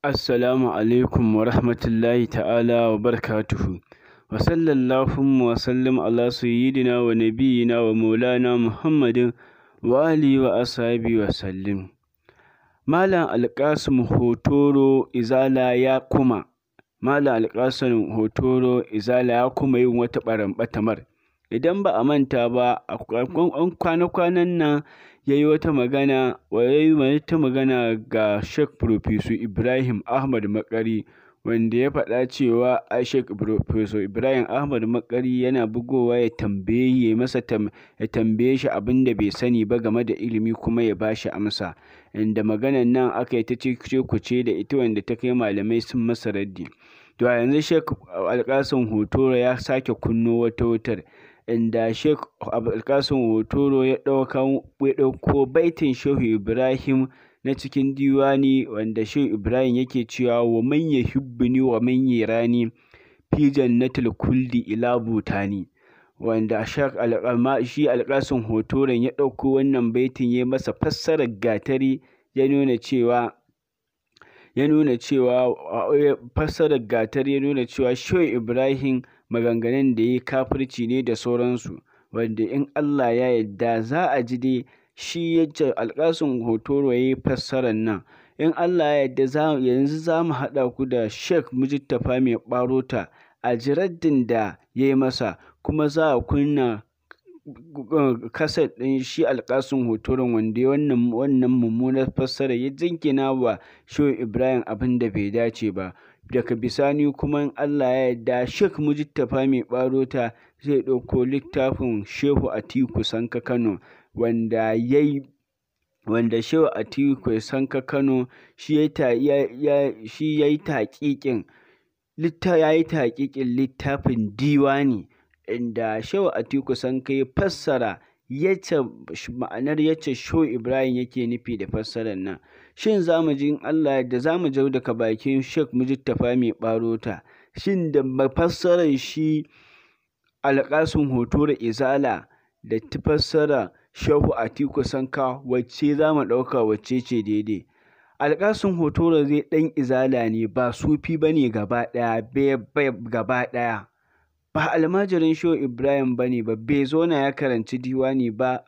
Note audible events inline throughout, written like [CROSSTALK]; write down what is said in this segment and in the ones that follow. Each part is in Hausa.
Assalamu alaikum wa rahmatullahi ta'ala wa barakatuhu. Wa sallallahu wa sallam ala sayyidina wa nabiyina wa maulana Muhammadin wa ali wa ashabi wa sallim. Malam Alƙasim Hotoro Izala ya kuma Malam Alƙasim Hotoro Izala ya kuma yin wata barambatamar. Idan ba a manta ba, a kwana-kwanan nan ya yi wata magana ga Sheikh Profesor Ibrahim Ahmad Makari, wanda ya faɗa cewa Sheikh Profesor Ibrahim Ahmad Makari yana bugowa ya tambaye shi abin da bai sani ba game da ilimi kuma ya ba shi amsa, inda maganar nan aka yi ta cece-kuce da ita wanda ta kai malamai sun masa raddi. To yanzu Sheikh Alƙasim Hotoro ya sake kunno wata wutar. inda Sheikh Abdulkasim Hotoro ya ɗauko baitin Shehu Ibrahim na cikin Diwani wanda Shehu Ibrahim yake cewa: “Wa manya yuhibbuni wa manya rani fi jannatil khuldi ila Butani” wanda shi Alkasim Hotoro ya ɗauko wannan baitin ya masa fassarar gatari ya nuna cewa ya nuna cewa fassarar gatari ya nuna cewa Shehu Ibrahim maganganun da yi kafirci ne da sauransu wanda in Allah ya yadda za a ji dai shi yadda alƙasun hotoro ya fassarar nan in Allah ya yarda yanzu za mu haɗa ku da Sheikh Mujittafa mai ɓarota a jiraddin da ya yi masa kuma za a kunna kasar eh, ɗin shi alƙasun hotoron wanda wannan mummunar fassara ya jinkina wa shehu ibrahim abin da bai dace ba daga bisani kuma in Allah ya yarda Sheikh Mujtaba mai barota zai ɗauko littafin Shehu Atiku Sanka Kano wanda yayi wanda Shehu Atiku Sanka Kano shi yayi taƙiƙin litta yayi taƙiƙin littafin diwani inda Shehu Atiku Sanka ya fassara yace ma'anar yace sho Ibrahim yake nufi da fassarar nan shin za mu ji Allah da za mu jau daga bakin Sheikh Mujittafa mai barota shin da mafassarar shi alƙasun hoto da izala da ta fassara Shehu Atiku Sanka wacce za ɗauka wacce ce daidai alƙasun hoto zai ɗan izala ne ba sufi bane ne gaba ɗaya gaba ɗaya Ba almajirin Shehu Ibrahim ba ne ba, bai na ya karanci Diwani ba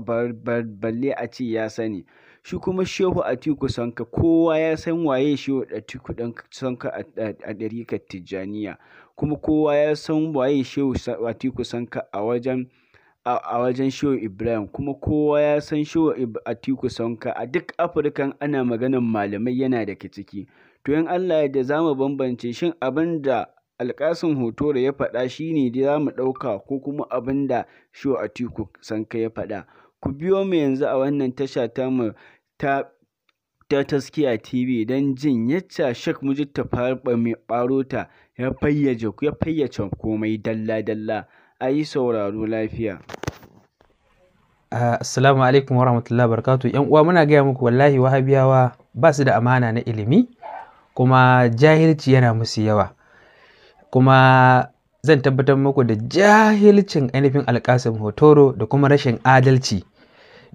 balle a ce ya sani, shi kuma Shehu Atiku Sanka kowa ya san waye Shehu Atiku Sanka a ɗarikar Tijjaniya, kuma kowa ya san waye Shehu Atiku Sanka a wajen a wajen Shehu Ibrahim kuma kowa ya san Shehu Atiku Sanka a duk Afirkan ana maganan malamai yana da ciki. To in Allah da za mu bambance shin abin da alƙasin hoto da ya faɗa shi ne za mu ɗauka ko kuma abin da tiku atiku sanka ya faɗa ku biyo mu yanzu a wannan tasha ta mu ta ta taskiya tv don jin yacca shek ta farɓa mai ta ya fayyace ya fayyace komai dalla dalla a yi sauraro lafiya ah, assalamu alaikum wa rahmatullahi barakatu yan uwa muna gaya muku wallahi wahabiyawa ba su da amana na ilimi kuma jahilci yana musu yawa kuma zan tabbatar muku da jahilcin ainihin alkasim hotoro da kuma rashin adalci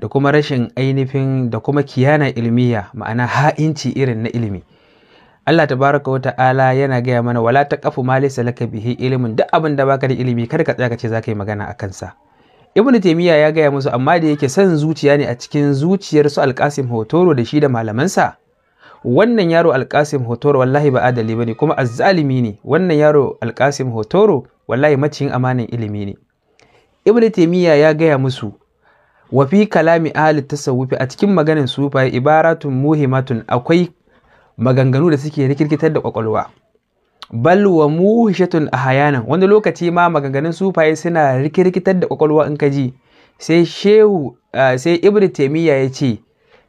da kuma rashin ainihin da kuma kiyana ilmiya ma'ana ha'inci irin na ilimi Allah Ta wa ta'ala yana gaya mana wala ta kafu mali salaka bihi ilimin duk abin da baka da ilimi kar ka tsaya ka ce zaka yi magana a kansa Ibn Taymiyyah ya gaya musu amma da yake son zuciya ne a cikin zuciyar su Alkasim Hotoro da shi da malamansa wannan yaro alkasim hotoro wallahi ba adali bane kuma azzalimi ne wannan yaro alkasim hotoro wallahi maciyin amanin ilimi ne ibn taymiya ya gaya musu wa fi kalami ahli tasawufi a cikin maganin sufaye ibaratun muhimatun akwai maganganu da suke rikirkitar da kwakwalwa bal wa muhishatun ahayanan wani lokaci ma maganganun sufaye suna rikirkitar da kwakwalwa in ka ji sai shehu eh, sai ibn taymiya ya ce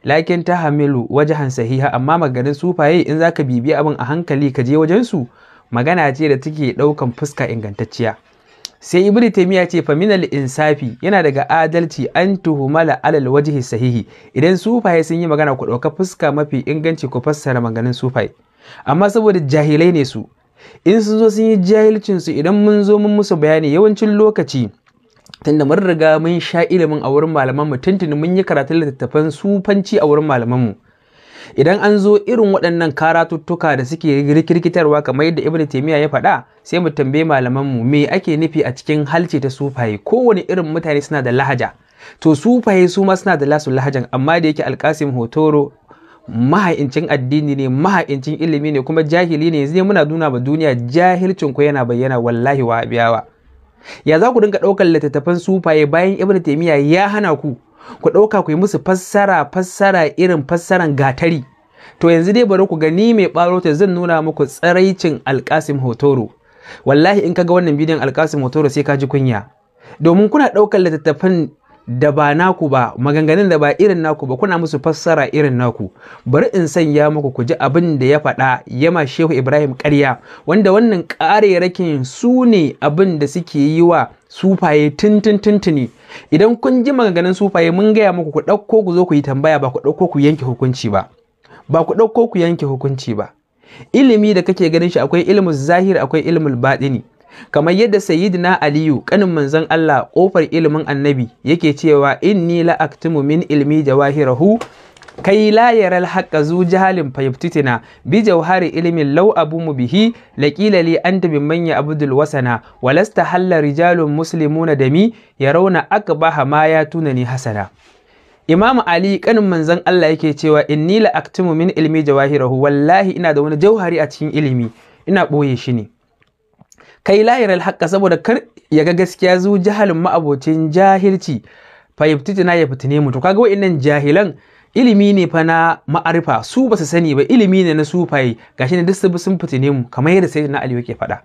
lakin ta hamilu wajahan sahiha amma maganin sufaye in zaka bibi abin a hankali ka je wajen su magana ce da take ɗaukan fuska ingantacciya sai ibnu taymiya ce faminal insafi yana daga adalci an tuhumala alal wajhi sahihi idan sufaye sun yi magana ku dauka fuska mafi inganci ku fassara maganin sufaye amma saboda jahilai ne su in sun zo sun yi jahilcin su idan mun zo mun musu bayani yawancin lokaci tunda mun riga mun sha ilimin a wurin malamanmu tuntuni mun yi karatun littattafan sufanci a wurin malamanmu idan an zo irin waɗannan karatuttuka da suke rikirkitarwa kamar yadda ibnu taimiyya ya faɗa sai mu tambaye malamanmu me ake nufi a cikin halce ta sufaye kowane irin mutane suna da lahaja to sufaye su ma suna da lasu lahajan amma da yake alkasim hotoro mahaicin addini ne mahaicin ilimi ne kuma jahili ne zai muna nuna ba duniya jahilcin ku yana bayyana wallahi wa biyawa ya za ku dinga ɗaukar littattafan sufaye bayan ibn taimiyya ya hana ku ku ɗauka ku yi musu fassara fassara irin fassaran gatari to yanzu dai bari ku gani mai ɓaro ta zan nuna muku tsaraicin alkasim hotoro wallahi in ka ga wannan bidiyon alkasim hotoro sai ka ji kunya domin kuna ɗaukar littattafan da ba naku ba maganganun da ba irin naku ba kuna musu fassara irin naku bari in sanya muku ku ji abin da ya faɗa yama shehu ibrahim ƙarya wanda wannan ƙarerakin su ne abin da suke yi wa sufaye tuntun idan kun ji maganganun sufaye mun gaya muku ku ɗauko ku zo ku yi tambaya ba ku ɗauko ku yanke hukunci ba ba ku ɗauko ku yanke hukunci ba ilimi da kake ganin shi akwai ilmul zahir akwai ilmul baɗini kamar yadda sayyidina aliyu kanin manzon Allah kofar ilimin annabi yake cewa inni la aktumu min ilmi jawahirahu kai la yaral haqqa zu jahalin fayabtitina bi jawhari ilmin law abu bihi laqila li anta bi man ya abdul wasana walasta halla rijalun muslimuna dami yarawna akbaha ma ya tunani hasana Imam Ali kanin manzon Allah yake cewa inni la aktumu min ilmi jawahirahu wallahi ina da wani jauhari a cikin ilimi ina boye shi ne kai layar alhaqa saboda kar ya ga gaskiya zu jahalin ma'abocin jahilci fa yabtitina ya fitine mu to kaga wa'annan jahilan ilimi ne fa na ma'arifa su ba su sani ba ilimi ne na sufaye gashi ne duk sun fitine mu kamar yadda sai na Ali yake faɗa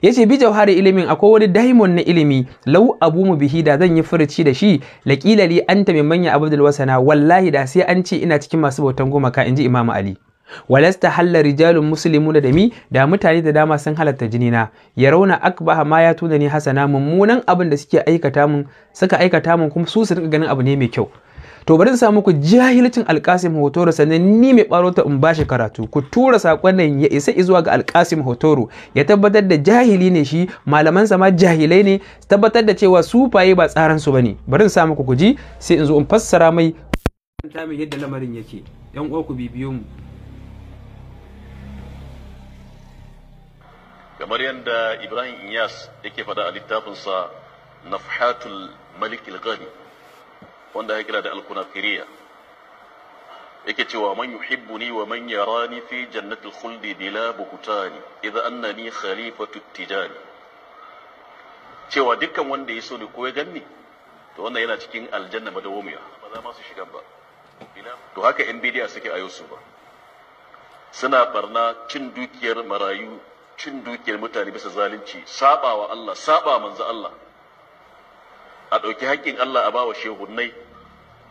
yace bi jawhari ilimin akwai wani daimon na ilimi lau abu mu bihi da zan yi furuci da shi laqila li anta mimman ya abdul wasana wallahi da sai an ce ina cikin masu bautan gumaka inji imamu ali walasta halla rijalun muslimuna da mi da mutane da dama sun halatta jini na ya rauna akbaha ma ya tuna ni hasana mummunan abin da suke aikata mun suka aikata mun kuma su su rika ganin abu ne mai kyau to bari in sa muku jahilcin alkasim hotoro sannan ni mai barota in bashi karatu ku tura sakon nan ya isa zuwa ga alkasim hotoro ya tabbatar da jahili ne shi malaman sa ma jahilai ne tabbatar da cewa su faye ba tsaran su bane bari in sa muku ku ji sai in zo in fassara mai ta yadda lamarin yake yan uwa ku bibiyo mu kamar yadda ibrahim inyas yake faɗa a littafinsa nafhatul malik al-ghani wanda ya kira da al-kunafiriya yake cewa man yuhibbuni wa man yarani fi jannatil khuldi bila buhtani idza annani khalifatu tijani cewa dukkan wanda ya so ni ko ya ganni to wannan yana cikin aljanna madawumiya ba za ma su shiga ba to haka yan bidiya suke a yau su ba suna barna cin dukiyar marayu cin dukiyar mutane bisa zalunci wa Allah saba manzo Allah a ɗauki haƙƙin Allah a bawa shehunnai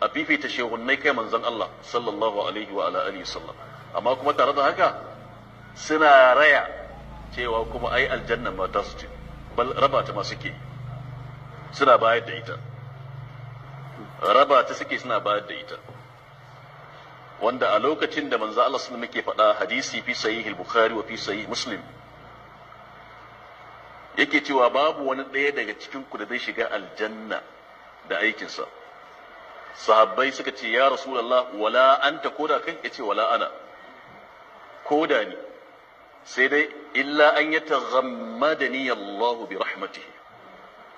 a fifita shehunnai kai manzon Allah sallallahu alaihi wa ala alihi sallam amma kuma tare da haka suna raya cewa kuma ai aljanna ma ta su ce bal raba ta ma suke suna bayar da ita raba ta suke suna bayar da ita wanda a lokacin da manzo Allah sun muke faɗa hadisi fi sahih al-Bukhari wa fi sahih Muslim yake cewa babu wani ɗaya daga cikin ku da zai shiga aljanna da aikinsa sahabbai suka ce ya rasulullah wala anta koda kai yace wala ana da ni sai dai illa an yataghammadani Allah bi rahmatihi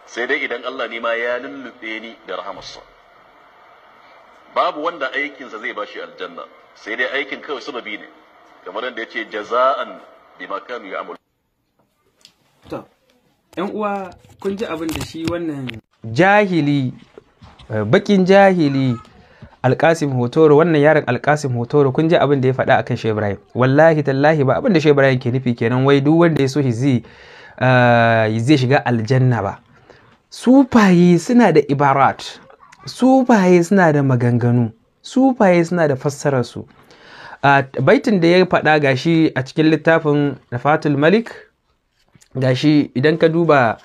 sai dai idan Allah ne ma ya lullube ni da rahamarsa babu wanda aikinsa zai bashi aljanna sai dai aikin kawai sababi ne kamar yadda yace jaza'an bima kanu ya'malu 'yan uwa kun ji abin da shi wannan jahili eh, bakin jahili alkasim hotoro wannan yaron alkasim hotoro kun ji abin da ya faɗa akan kan ibrahim wallahi tallahi ba abin da shehu ke nufi kenan wai duk wanda ya so shi eh, zai shiga aljanna ba sufaye suna da ibarat sufaye suna da maganganu sufaye suna da fassararsu baitin da ya faɗa gashi a cikin littafin rafatul malik da shi idan ka duba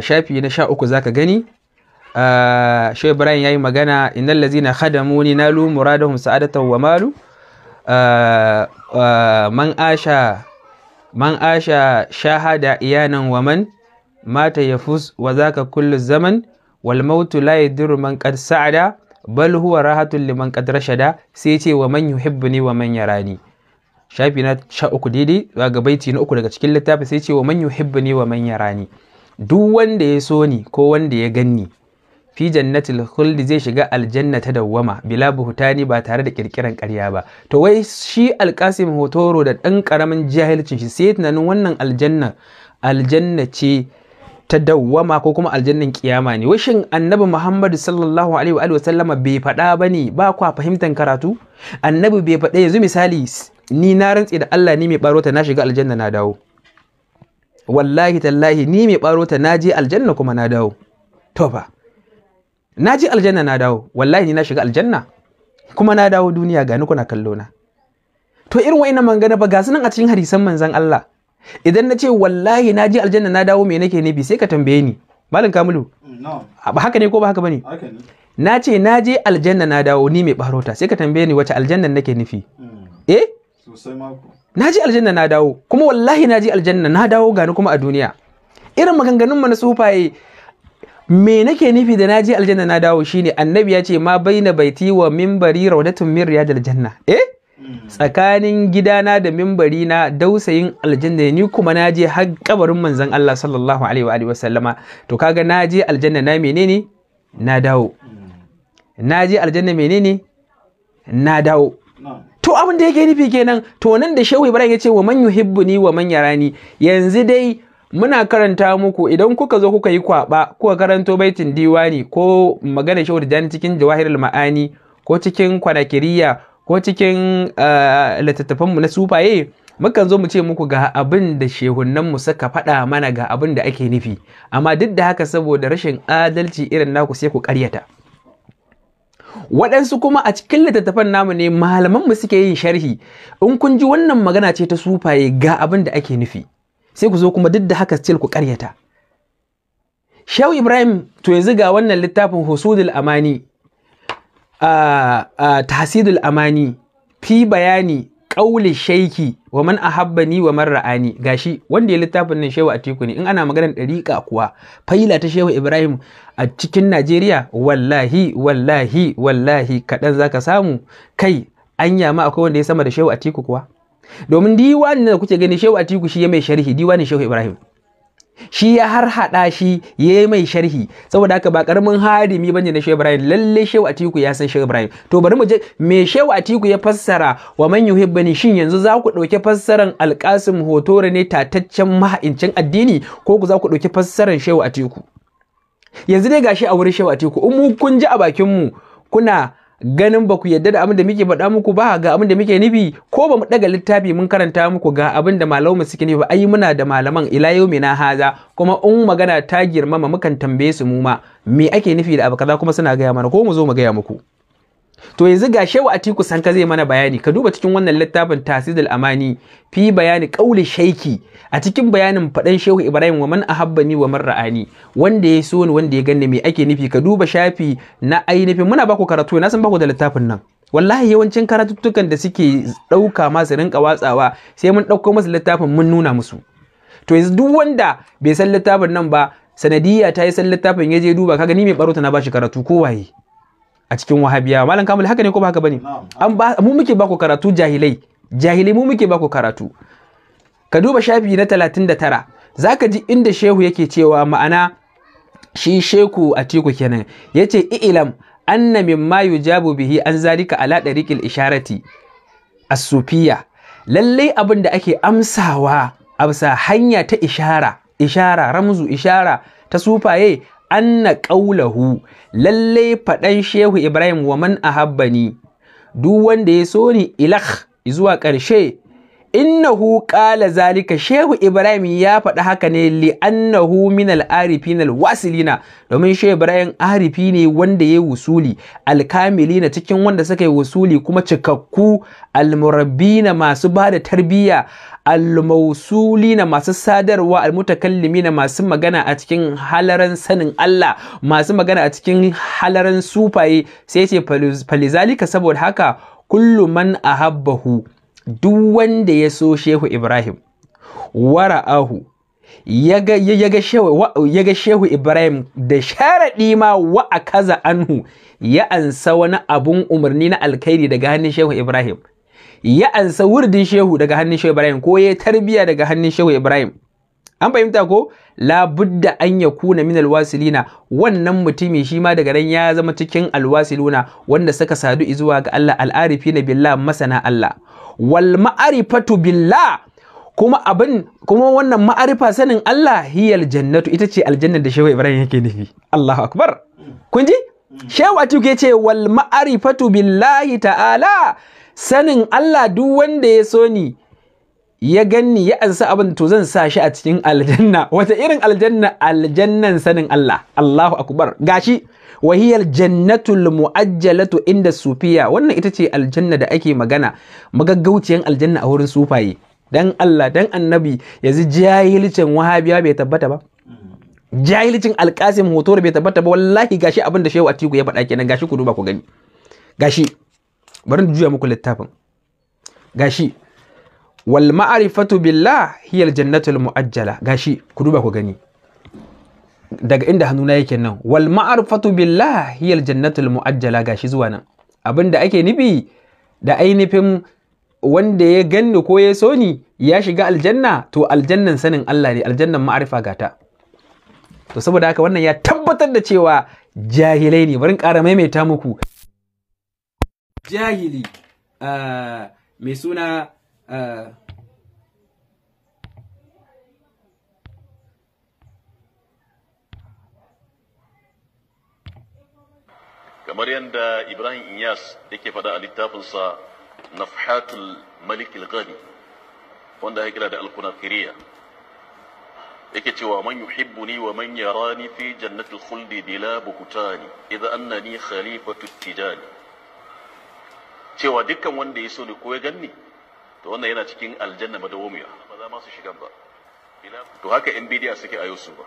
shafi na sha uku zaka gani shi ibrahim ya yi magana innal lazina khadamuni nalu muradahum sa'adatahu wa malu man asha man asha shahada iyanan wa man mata yafus wa zaka kullu zaman wal mautu la yadurru man qad sa'ada bal huwa rahatun liman qad rashada sai ce wa man yuhibbuni wa man yarani shafi na sha uku daidai za ga baiti na uku daga cikin littafi sai ce wa man ne wa manyan rani. duk wanda ya so ni ko wanda ya ganni fi jannatil khuldi zai shiga aljanna ta dawwama bila buhutani ba tare da kirkiran ƙarya ba to wai shi alkasim hotoro da ɗan ƙaramin jahilcin shi sai tunanin wannan aljanna aljanna ce ta dawwama ko kuma aljannan kiyama ne washin annabi muhammadu sallallahu alaihi wa sallama bai faɗa ba ne ba kwa fahimtar karatu annabi bai faɗa yanzu misali ni na rantse da Allah ni mai baro ta na shiga aljanna na dawo wallahi tallahi ni mai baro ta na je aljanna kuma na dawo to fa na je aljanna na dawo wallahi ni na shiga aljanna kuma na dawo duniya ga ni kuna kallo na to irin wa'annan mangana ba ga su nan a cikin hadisan manzon Allah idan na ce wallahi na je aljanna na dawo me nake nufi sai ka tambaye ni malam kamilu ba haka ne ko ba haka bane na ce na je aljanna na dawo ni mai barota sai ka tambaye ni wace aljanna nake nufi mm. eh Sosai Na ji aljanna na dawo, kuma wallahi na ji aljanna na dawo gani kuma a duniya. Irin maganganun mu na sufaye me nake nufi da na ji aljanna na dawo shine annabi ya ce ma baina baiti wa mimbari raudatun min riyadil janna. Eh? Mm. Tsakanin gidana da mimbari na dausayin aljanna ni kuma na je har kabarin manzon Allah sallallahu alaihi wa sallama. To kaga na je aljanna na menene? Na dawo. Mm. Na je aljanna menene? Na dawo. to abin da yake nufi kenan to nan da shehu ibrahim ya ce wa man yuhibbuni wa man yarani yanzu dai muna karanta muku idan kuka zo kuka yi kwaba kuka karanto baitin diwani ko magana shehu da cikin jawahirul ma'ani ko cikin kwanakiriya ko cikin eh, mu na sufaye mukan zo mu ce muku ga abin da mu suka faɗa mana ga abin da ake nufi amma duk da haka saboda rashin adalci irin naku sai ku ƙaryata waɗansu kuma a cikin littattafan namu ne malamanmu suke yin sharhi in kun ji wannan magana ce ta sufaye ga abin da ake nufi sai ku zo kuma duk da haka still ku karyata Shehu Ibrahim to yanzu ga wannan littafin Husudul Amani a ah, ah, tasidul Amani fi bayani ƙauli shaiki wa man ahabbani wa man ra'ani gashi wanda ya littafin nan shehu atiku ne in ana maganar ɗariƙa kuwa faila ta shehu ibrahim a cikin najeriya wallahi wallahi wallahi kaɗan zaka samu kai anya ma akwai wanda ya sama da shehu atiku kuwa domin diwani da kuke gani shehu atiku shi ya mai sharhi diwani shehu ibrahim shi ya harhaɗa shi ya yi mai sharhi saboda haka ba karamin hadimi bane na Shehu Ibrahim lalle Shehu Atiku ya san Shehu Ibrahim to bari mu je me Shehu Atiku ya fassara wa man yuhibbani shin yanzu za ku ɗauki fassaran Al-Qasim Hotore ne tataccen maha'incin addini ko ku za ku ɗauki fassaran Shehu Atiku yanzu dai gashi a wurin Shehu Atiku in mu kun ji a bakin mu kuna ganin ba ku yadda da abin da muke faɗa muku ba ga abin da muke nufi ko ba mu ɗaga littafi mun karanta muku ga abin da malamu suke nufi ba ai muna da malaman ila yau na haza kuma in magana ta girmama mukan tambaye su mu ma me ake nufi da abu kaza kuma suna gaya mana ko mu zo mu gaya muku to yanzu ga shewa atiku sanka zai mana bayani ka duba cikin wannan littafin tasidul amani fi bayani kauli shaiki a cikin bayanin faɗan shehu ibrahim wa man ahabbani wa man ra'ani wanda ya so ni wanda ya ganni me ake nufi ka duba shafi na ainihin muna baku karatu na san baku da littafin nan wallahi yawancin karatuttukan da suke ɗauka masu rinka watsawa sai mun ɗauko masu littafin mun nuna musu to yanzu duk wanda bai san littafin nan ba sanadiyya ta yi san littafin ya je duba kaga ni mai barota na bashi karatu ko waye a cikin wahabiya malam kamil haka ne ko ba haka bane an ba mu muke ba ku karatu jahilai jahilai mu muke ba ku karatu ka duba shafi na 39 zaka ji inda shehu yake cewa ma'ana shi sheku atiku kenan yace ilam anna mimma yujabu bihi an zalika ala dariqil isharati as-sufiyya lallai abin da ake amsawa a hanya ta ishara ishara ramzu ishara ta sufaye anna ƙaulahu lalle faɗan shehu ibrahim wa man ahabbani duk wanda ya so ni ilakh zuwa ƙarshe innahu qala zalika shehu ibrahim ya faɗi haka ne li annahu min al arifin al wasilina domin shehu ibrahim arifi ne wanda yayi wusuli al kamilina cikin wanda suka yi wusuli kuma cikakku al murabbina ba da tarbiyya al masu sadarwa al mutakallimina masu magana a cikin halaran sanin Allah masu magana a cikin halaran sufaye sai ce falizalika saboda haka kullu man ahabbahu duk wanda ya so shehu ibrahim wara'ahu ya ga shehu ibrahim da sharaɗi ma wa a kaza anhu ya ansa wani abun umarni na alkhairi daga hannun shehu ibrahim ya ansa wurdin shehu daga hannun shehu ibrahim ko ya tarbiya daga hannun shehu ibrahim an fahimta ko labudda an ya kuna min alwasilina wannan mutumi shi ma daga ran ya zama cikin alwasiluna wanda suka sadu zuwa ga Allah al'arifi na billah masana Allah wal ma'arifatu billah kuma abin kuma wannan ma'arifa sanin Allah hiyal jannatu ita ce aljanna da shehu Ibrahim yake nufi Allahu akbar kun ji shehu Atiku yace wal ma'arifatu billahi ta'ala sanin Allah duk wanda ya so ni ya ganni ya ansa abin to zan sa shi a cikin aljanna [LAUGHS] wata irin aljanna aljannan sanin Allah Allahu akbar gashi wahiyar jannatul mu'ajjalatu inda sufiya wannan ita ce aljanna da ake magana magaggauciyan aljanna a wurin sufaye dan Allah dan annabi yanzu jahilcin wahabiya bai tabbata ba jahilcin alkasim hotor bai tabbata ba wallahi gashi abin da shehu atiku ya faɗa kenan gashi ku duba ku gani gashi bari juya muku littafin gashi wal ma'arifatu billah hiyal jannatul mu'ajjala gashi ku duba ku gani daga inda hannuna yake nan wal ma'arifatu billah hiyal jannatul mu'ajjala gashi zuwa nan abinda ake nufi da ainihin wanda ya ganni ko ya so ni ya shiga aljanna to aljannan sanin Allah ne aljannan ma'arifa gata to saboda haka wannan ya tabbatar da cewa jahilai ne bari ƙara maimaita muku jahili ah, mai suna آه kamar yadda ibrahim inyas yake faɗa a littafinsa nafhatul malik al-ghani wanda ya kira da al-kunafiriya yake cewa man yuhibbuni wa man yarani fi jannatil khuldi bila buhtani idza annani khalifatu tijani cewa dukkan wanda ya so ni ko ya ganni to wannan yana cikin aljanna madawumiya ba za ma su shiga ba to haka yan bidiya suke ayo su ba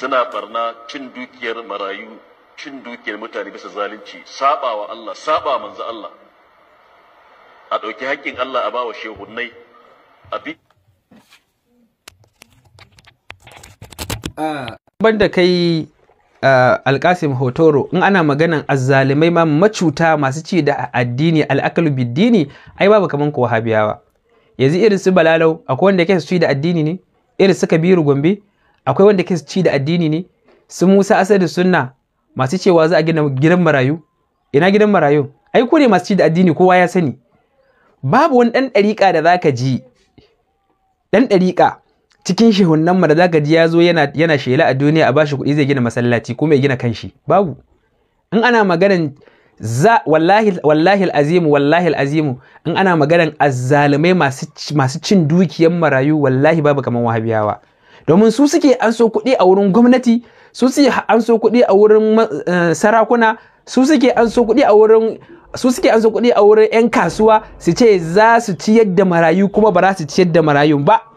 suna barna cin dukiyar marayu cin dukiyar mutane bisa zalunci wa Allah saba manzo Allah a ɗauki haƙƙin Allah a bawa shehunnai a bi ah, ban da kai Eh, alkasim hotoro in ana maganan azzalimai ma macuta masu ci da addini al'akalu biddini ai babu kaman ko wahabiyawa yanzu irin su balalau akwai wanda ke ci da addini ne irin su kabiru gombe akwai wanda ke ci da addini ne su musa asadu sunna masu cewa za a gina gidan marayu ina gidan marayu ai ku ne masu ci da addini kowa ya sani babu wani dan ɗariƙa da zaka ji dan ɗariƙa cikin shehunnan mu da zaka ji ya zo yana yana shela a duniya a bashi kuɗi zai gina masallaci ko mai gina kanshi babu in ana maganan za wallahi wallahi wallahi in ana maganan azzalumai masu masu cin dukiyar marayu wallahi babu kaman wahabiyawa domin su suke an so kuɗi a wurin gwamnati su suke an so kuɗi a wurin eh, sarakuna su suke an so kuɗi a wurin su suke an so kuɗi a wurin 'yan kasuwa su ce za su ciyar da marayu kuma ba za su ciyar da marayun ba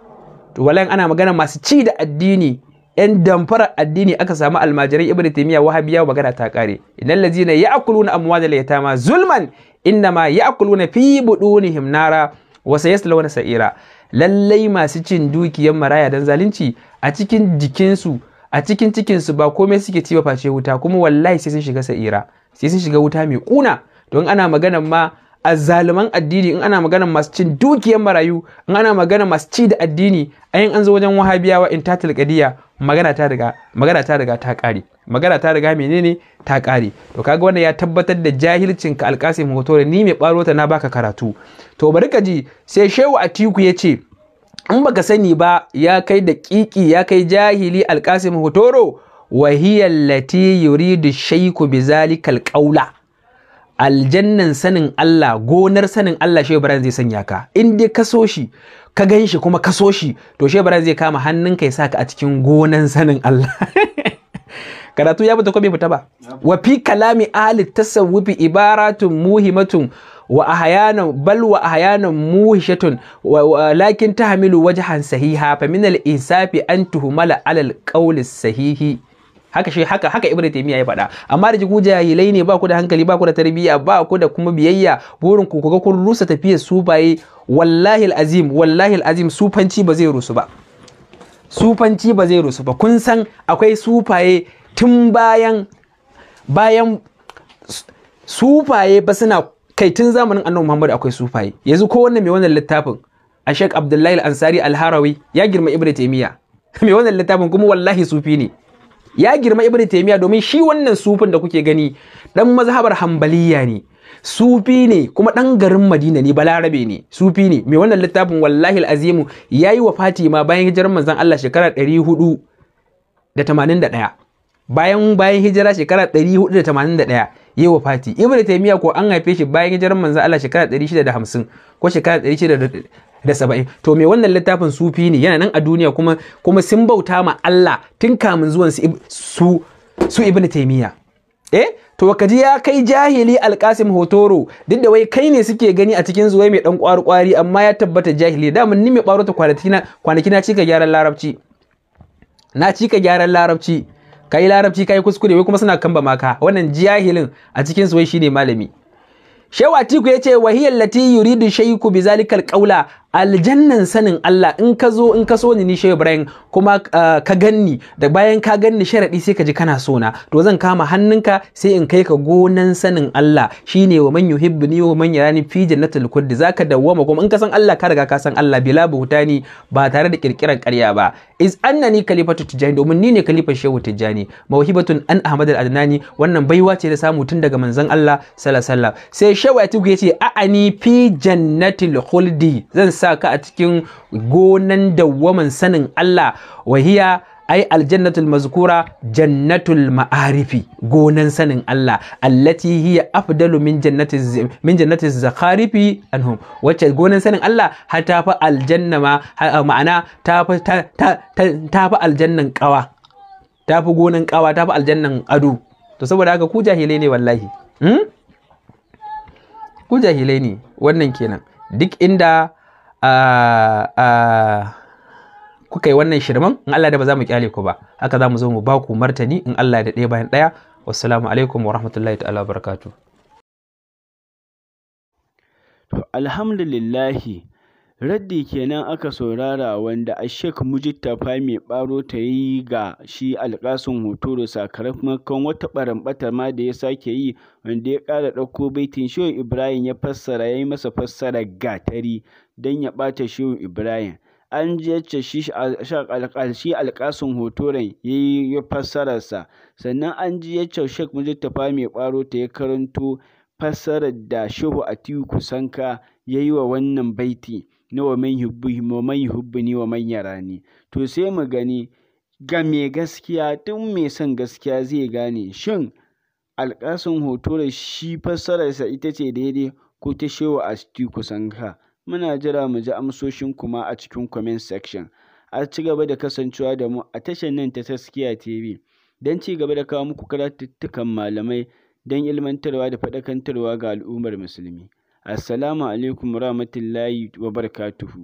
to ana magana masu ci da addini yan damfarar addini aka samu almajirai ibnu taymiya wahabiya magana ta kare innal ladzina da amwalal yatama zulman innama ya'kuluna fi budunihim nara wa sayaslawna sa'ira lallai masu cin dukiyar maraya don zalunci a cikin jikinsu a cikin cikinsu ba komai suke ci ba face wuta kuma wallahi sai sun shiga sa'ira sai sun shiga wuta mai kuna don ana magana ma zaluman addini in ana magana masu cin dukiyar marayu in ana magana masu ci da addini ayin an zo wajen wahabiyawa in tatil gadiya magana ta riga magana ta riga ta kare magana ta riga menene ta kare to kaga wannan ya tabbatar da jahilcin ka alkasim hotore ni mai baro ta na baka karatu to bari ka ji sai shehu atiku ya ce in baka sani ba ya kai da kiki ya kai jahili alkasim hotoro allati yuridu shaiku bizalikal zalikal qaula aljannan sanin Allah gonar sanin Allah shehu Ibrahim zai sanya ka in dai ka so shi ka gan shi kuma ka so shi to shehu Ibrahim zai kama hannun ka ya saka a cikin gonan sanin Allah [LAUGHS] karatu ya fita ko bai fita ba wa fi kalami ahli tasawwufi ibaratun muhimatun wa ahyana bal wa ahyana muhishatun lakin tahmilu wajhan sahiha fa min al-insafi an tuhmala ala al-qawli sahihi haka shi haka haka ibnu taymiya ya faɗa amma da jigu jahilai ne ba ku da hankali ba ku da tarbiyya ba ku da kuma biyayya burin ku kuga kun rusa tafiyar sufaye wallahi azim wallahi azim sufanci ba zai rusu ba sufanci ba zai rusu ba kun san akwai sufaye tun bayan bayan sufaye ba suna kai tun zamanin annabi muhammad akwai sufaye yanzu ko wannan mai wannan littafin a shek abdullahi al-ansari al-harawi ya girma ibnu taymiya [LAUGHS] mai wannan littafin kuma wallahi sufi ne ya girma Ibn taimiya domin shi wannan sufin da kuke gani dan mazhabar hambaliya ne sufi ne kuma dan garin madina ne balarabe ne sufi ne mai wannan littafin wallahi azimu yi wa fatima bayan hijirar manzan Allah shekara 481 da bayan bayan hijira shekara 481 yi wa fati Ibn taimiya ko an haife shi bayan hijirar manzan Allah shekara 650 ko shekara da saba'in to me wannan littafin sufi ne yana nan a duniya kuma kuma sun bauta ma Allah tun kamun zuwan su su, su ibn taymiya eh to kaji ya kai jahili alkasim hotoro duk da wai kai ne suke gani a cikin zuwai mai dan kwari kwari amma ya tabbata jahili da mun nime mai kwanaki na kwanaki na cika gyaran larabci na cika gyaran larabci kai larabci kai kuskure wai kuma suna kamba maka wannan jahilin a cikin zuwai shine malami Shewatiku ya ce wahiyar lati yuridu shaiku bi zalikal qaula aljannan sanin Allah in ka zo in ka so ni ni Shehu Ibrahim kuma uh, ka ganni da bayan ka ganni sharadi sai ka ji kana so na to zan kama hannunka sai in kai ka gonan sanin Allah shine wa man yuhibbuni wa man yarani fi jannatil kulli zaka dawwama kuma in ka san Allah ka riga ka san Allah bila buhutani ba tare da kirkiran ƙarya ba is annani kalifatu tijani domin ni ne kalifar Shehu Tijani mawhibatun an Ahmad al-Adnani wannan baiwa ce da samu tun daga manzon Allah sallallahu alaihi wasallam sai Shehu ya tuge ce a'ani fi jannatil khuldi zan sa ka a cikin gonan dawwaman sanin Allah wahiya ai aljannatul mazkura jannatul ma'arifi gonan sanin Allah allati hiya afdalu min jannatiz min jannatiz zakharifi anhum wacce gonan sanin Allah har ta fa aljanna ma ma'ana ta fa ta fa aljannan kawa ta fi gonan kawa ta fi aljannan ado to saboda haka ku jahilai ne wallahi hmm? ku jahilai ne wannan kenan duk inda kuka yi wannan shirman in Allah da ba za mu kyale ku ba haka za mu zo mu ba ku martani in Allah da ɗaya bayan ɗaya wassalamu alaikum wa rahmatullahi ta'ala barakatu alhamdulillahi Raddi kenan aka saurara wanda a Sheikh fa Mai Ɓaro ta yi ga shi Alƙasim Hotoro sakamakon wata ɓaramɓatar ma da ya sake yi wanda ya ƙara ɗauko baitin Shehu Ibrahim ya fassara ya yi masa fassarar gatari don ya ɓata Shehu Ibrahim. an yacce shi shi alƙasin ya yi fassararsa sannan an ji yacce shek fa mai ɓaro ta ya karanto fassarar da shehu atiku sanka ya yi wa wannan baiti na wa man yuhibbuhi wa man wa man yarani to sai mu gani ga mai gaskiya tun mai son gaskiya zai gane shin alƙasin hoto shi fassararsa ita ce daidai ko ta shewa a ciki kusan ka muna jira mu ji amsoshin kuma a cikin comment section a ci gaba da kasancewa da mu a tashar nan ta taskiya tv don ci gaba da kawo muku karatuttukan malamai don ilmantarwa da faɗakantarwa ga al'ummar musulmi Assalamu alaikum wa rahmatullahi wa barakatuhu.